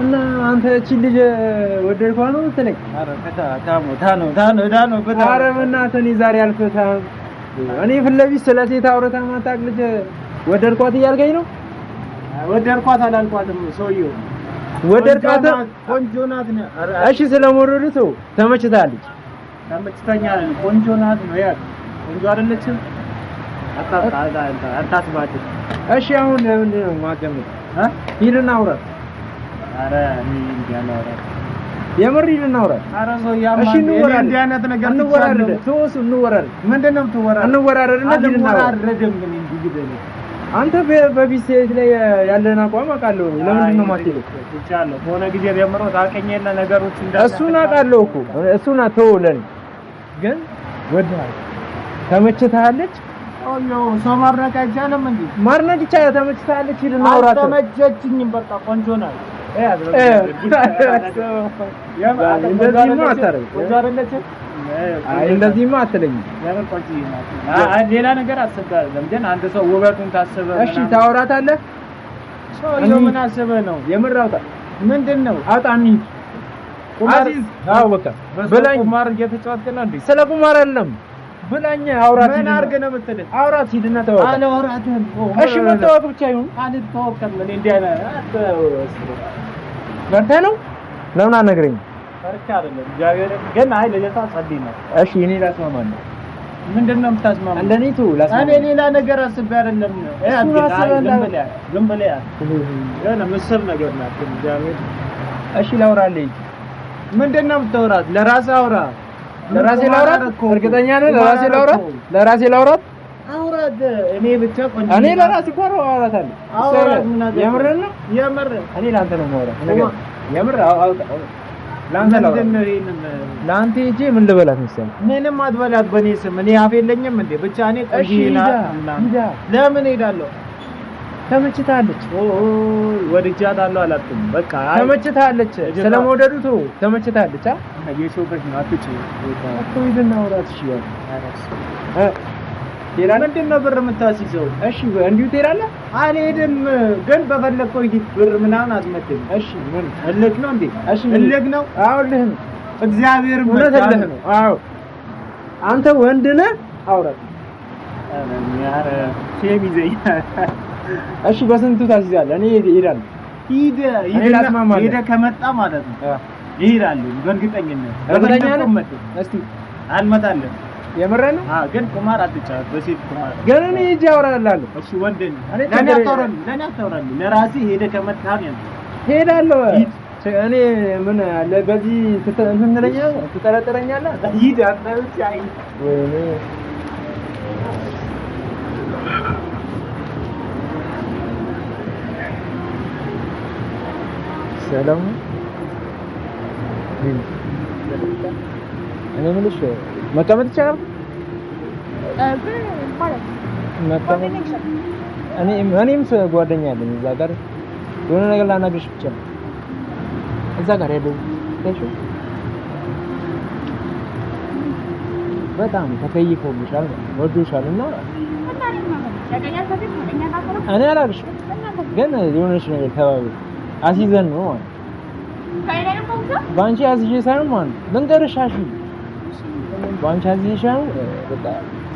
እና አንተ እቺ ልጅ ወደድኳ ነው የምትለኝ? አረ ከታ ታ ነው ነው ታ በእናትህ እኔ ዛሬ አልፈታህም። እኔ ፊት ለፊት ስለ ሴት አውረታ ማታውቅ ልጅ ወደድኳት እያልከኝ ነው? ወደድኳት አላልኳትም። ሰውዬው ወደድኳት፣ ቆንጆ ናት ነው። እሺ ስለመወደዱ ሰው ተመችታለች፣ ተመችታኛለች፣ ቆንጆ ናት ነው እሺ ስለመወደዱ ሰው ተመችታለች ተመችታኛለች ቆንጆ ናት ነው ያ ቆንጆ አይደለችም? አታስባትም። እሺ አሁን ምንድን ነው የማትገምተው? ሂድና አውራት የምር አንተ በቢስ ሴት ላይ ያለን አቋም አውቃለሁ። ለምንድን ነው የማትሄደው? ብቻለሁ በሆነ ጊዜ ጀምሮ ታውቀኝ የለ ነገሮች እንደ እሱን አውቃለሁ እኮ እሱን አተውለን ግን ወድሃል፣ ተመችተሃለች ሰው ማድረግ አይቻልም እንዴ? ማድረግ ይቻላል። ተመችተሃለች። ሂድ እናውራት። ተመቸችኝም በቃ ቆንጆ ናት። እንደዚህማ አትለኝ። ሌላ ነገር አስቤያለሁ። ለምደን አንድ ሰው ውበቱን ታስበ እሺ፣ ታወራታለህ። ሰውዬው ምን አስበህ ነው? የምር አውጣ። ምንድን ነው አውጣ። እንሂድ። ቁማር፣ አዎ በቃ በላኝ። ቁማር እየተጫወትክ ነው እንዴ? ስለ ቁማር አይደለም ብላኛ አውራት ምን አርገ ነው የምትልህ? አውራት ሂድና አለ አላወራትም። እሺ መተዋወቅ ብቻ ይሁን። አንተዋወቅም። እኔ እንዲህ አለ ፈርተህ ነው? ለምን አነግረኝ ፈርቼ አይደለም። እግዚአብሔር ግን አይ ለጀታ ጸልይ ነው። እሺ እኔ ላስማማህ ነው። ምንድን ነው የምታስማማው? እንደኔ ቱ ላስማማህ። እኔ ሌላ ነገር አስቤ አይደለም። እህ ዝም ብለህ የሆነ ምስር ነገር ናት። እግዚአብሔር እሺ ላውራለህ። ምንድን ነው የምታወራት? ለራስህ አውራ ለራሴ ላውራት፣ እርግጠኛ ነህ? ለራሴ ላውራት፣ ለራሴ ላውራት። አውራት እኔ ብቻ ቆንጆ እኔ ለራሴ እኮ ነው አውራታለሁ። አውራት ምን አገባኝ? የምር ነው የምር። እኔ ለአንተ ነው የማወራው ነገር የምር ለአንተ ነው ለአንተ ሂጅ። ምን ልበላት መሰለኝ? ምንም አትበላት በእኔ ስም። እኔ አፍ የለኝም እንዴ? ብቻ እኔ ቆንጆ ነህ። ለምን ሄዳለሁ ተመችታለች። ኦይ ወድጃታለሁ አላትም። በቃ ተመችታለች፣ ስለመውደዱ ተው። ተመችታለች። ብር የምታስይዘው? እሺ እንዲሁ ትሄዳለህ? አልሄድም፣ ግን በፈለግከው ሂድ። ብር ምናምን አትመጥም። እሺ ምን እልህ ነው እንዴ? እሺ እልህ ነው። አዎ እልህ ነው። እግዚአብሔር እውነት እልህ ነው። አዎ አንተ ወንድ ነህ። አውራት ኧረ ሴም ይዘኛል እሺ፣ በስንቱ ታስይዛለህ? እኔ እሄዳለሁ። ሂድ ሂድ፣ ከመጣ ማለት ነው በእርግጠኝነት ነህ? ነው። አዎ፣ ግን ቁማር አትጫወት። በሴት ቁማር ግን እኔ ሂጅ እሺ፣ ለኔ ለኔ ነው። እኔ ምን አለ በዚህ እንትን ትጠረጥረኛለህ። ሂድ አንተ ብቻ ሂድ። ወይኔ ሰላም እኔ የምልሽ መቀመጥ ይቻላል? እኔም ጓደኛ አለኝ እዛ ጋር የሆነ ነገር ላናግርሽ ብቻ ነው እዛ ጋር ያለው በጣም ተከይፎብሻል፣ ወዶሻል እና እኔ አላግርሽ ግን የሆነች ነገር ተባብሩ አስይዘን ነው ማለት በአንቺ አስይዤ ሳይሆን ማለት ነው ልንገርሽ፣ አሺ በአንቺ ሳይሆን በቃ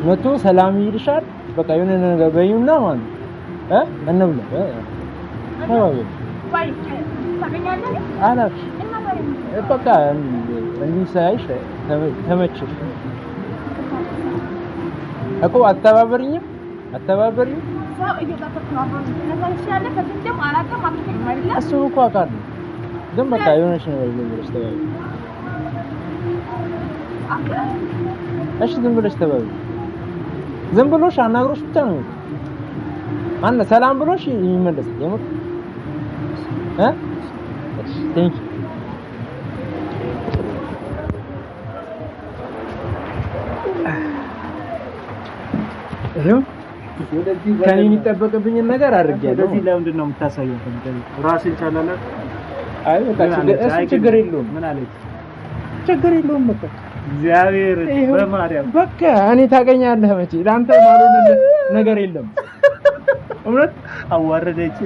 መቶ ሰላም ይልሻል። በቃ የሆነ ነገር በይውና ማለት ነው እ በቃ እንዲህ ሳይሽ እኮ እሱ እኮ አውቃለሁ፣ ግን በቃ የሆነች ነገር ዝም ብለሽ ተባቢ። እሺ ዝም ብለሽ ተባቢ። ዝም ብሎሽ አናግሮሽ ብቻ ነው አነ ሰላም ብሎሽ የሚመለስ የምር እ ቴንክ ዩ ይኸው ከኔ የሚጠበቅብኝን ነገር አድርጌያለሁ። ወደዚህ ለምንድን ነው የምታሳየው? ራስን ቻላለ። አይ በቃ ችግር የለውም። ምን አለች? ችግር የለውም በቃ እግዚአብሔር በማርያም በቃ እኔ ታገኛለህ። መቼ ለአንተ ማለት ነገር የለም። እውነት አዋረደች።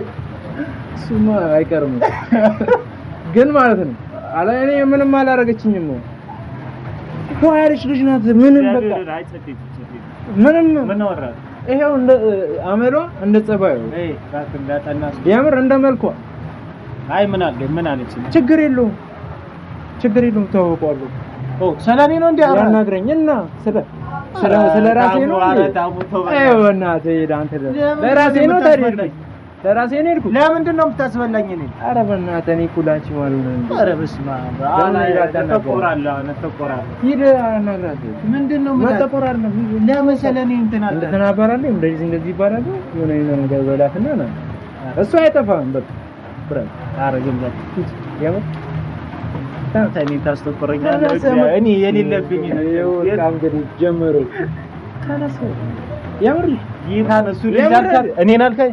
እሱማ አይቀርም ግን ማለት ነው አለ እኔ ምንም አላደረገችኝም ነው ፏያሪች ልጅ ናት። ምንም በቃ ምንም ምን ወራት ይሄው እንደ አመሏ እንደ ጸባዩ የምር እንደ መልኳ። አይ ምን አለ ምን አለች? ችግር የለውም ችግር የለውም ተዋውቀዋለሁ። ኦ ሰላኔ ነው እንዴ? ያናግረኝ እና ስለ ስለ ስለ ራሴ ነው። አይ ወና ተይዳን ተደ ለራሴ ነው ታሪክ ለራሴ ነው የሄድኩት። ለምንድን ነው የምታስበላኝ? እኔ ኧረ በእናትህ እኔ ኩላች ላንቺ ማለት ነው። ኧረ በስመ አብ እንጠቆራለን፣ እንጠቆራለን። ሂድ አናግራቸው። ምንድን ነው የምጠቆራለን? ለመሰለህ እኔ እንትን አለ እንትን አባራለሁ። እንደዚህ እንደዚህ ይባላል። የሆነ የሆነ ነገር በላትና ነው እሱ አይጠፋም። በቃ ብረት አረግም በቃ የምር ታንታኒ ታስተቆረኛለህ። እኔ የሌለብኝ ነው በጣም እንግዲህ ጀመሩ። ተነሱ የምር ይታነሱ ልጅ አልካል እኔን አልካኝ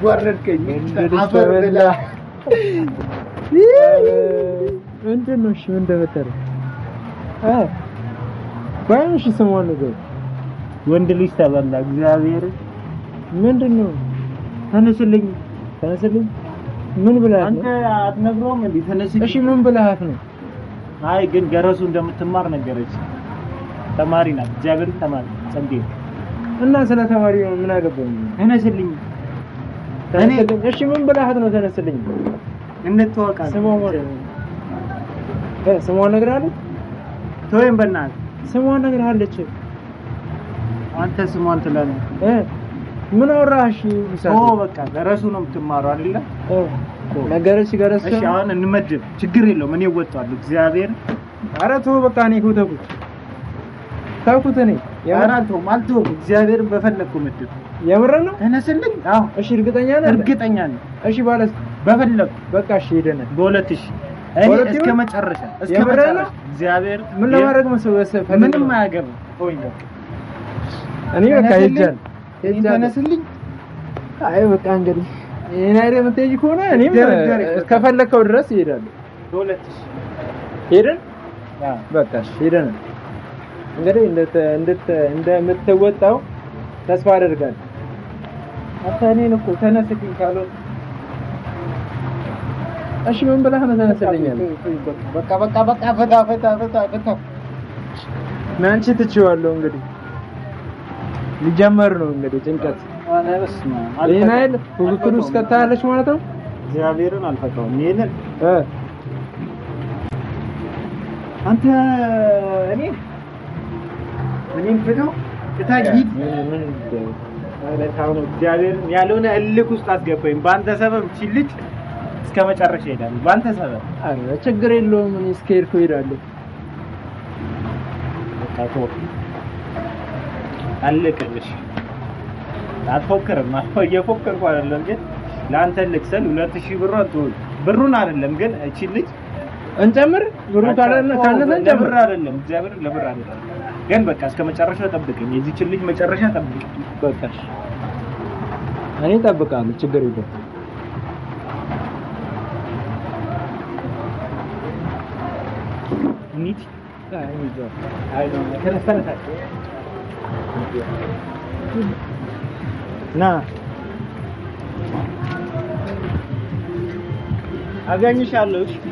አዋረድከኝ። አፈር ብላ ምንድን ነው? እሺ ምን እንደፈጠረ ባይሆን እሺ፣ ስሟን ንገረኝ። ወንድ ልጅ ተበላ። እግዚአብሔር ምንድን ነው? ተነስልኝ፣ ተነስልኝ። ምን ብለሀት ነው? አንተ አትነግረውም እንዴ? ተነስልኝ። እሺ ምን ብለሀት ነው? አይ ግን ገረሱ እንደምትማር ነገረች። ተማሪ ናት። እግዚአብሔር ተማሪ ጸንዴ እና ስለ ተማሪ ምን አገባኝ? ተነስልኝ እኔ እሺ፣ ምን ብለሃት ነው? ተነስልኝ፣ እንተዋወቃለን። ስሟን እ ስሟን ነግርሃለች? ተወይም በእናትህ ስሟን አንተ ስሟን ትላለህ እ ምን አወራህ? ኦ በቃ ነው የምትማረው አይደለ? ነገረች፣ እሺ፣ አሁን እንመድብ፣ ችግር የለውም እኔ እወጣለሁ። እግዚአብሔር ኧረ ተው በቃ እኔ እኮ ተውኩት፣ ተውኩት እኔ ኧረ አልተውም፣ አልተውም። እግዚአብሔር በፈለግኩ ምድብ የምር ነው ተነስልኝ። አዎ እሺ፣ እርግጠኛ ነህ? እርግጠኛ ነኝ። እሺ፣ ባለስ በፈለግ በቃ እሺ፣ ሄደን በሁለት ሺህ እስከ መጨረሻ እስከ መጨረሻ እግዚአብሔር ምን ለማድረግ መሰበሰብ ምንም አያገባም። ሆይ እኔ በቃ ሄጃለሁ፣ ሄጃለሁ። ተነስልኝ። አይ በቃ እንግዲህ ይሄን አይደል የምትሄጂ ከሆነ እኔም ከፈለከው ድረስ እሄዳለሁ። በሁለት ሺህ ሄደን በቃ እሺ፣ ሄደን እንግዲህ እንደምትወጣው ተስፋ አደርጋለሁ። አንተ እኔን እኮ ተነስልኝ ካልሆነ እሺ ምን ብለህ ነው ተነስልኝ በቃ በቃ በቃ ፈታ ፈታ ፈታ ፈታ ናንቺ ትችዋለሁ። እንግዲህ ሊጀመር ነው እንግዲህ ጭንቀት ይሄን አይደል ፉክክር ውስጥ ማለት ነው። እግዚአብሔርን አልፈታውም ይሄንን አንተ እኔ እኔም ፍተው ፍታ ሂድ ነው እግዚአብሔር ያልሆነ እልክ ውስጥ አስገባኝ። በአንተ ሰበብ ልጅ እስከ መጨረሻ ይሄዳሉ። በአንተ ሰበብ ችግር የለውም። እኔ እስከ ሄድኩ እሄዳለሁ። አለቀልሽ። አትፎክርም። እየፎከርኩ አይደለም፣ ግን ለአንተ እልክ ስል ሁለት ሺህ ብር ብሩን አይደለም፣ ግን እቺ እንጨምር። ብሩ ካለ ካለ እንጨምር። አይደለም እግዚአብሔር ለብር አይደለም ግን በቃ እስከ መጨረሻ ጠብቀኝ፣ የዚህችን ልጅ መጨረሻ ጠብቀኝ። በቃ እኔ እጠብቅሃለሁ፣ ችግር የለውም። ሚት ና አገኝሻለሁ።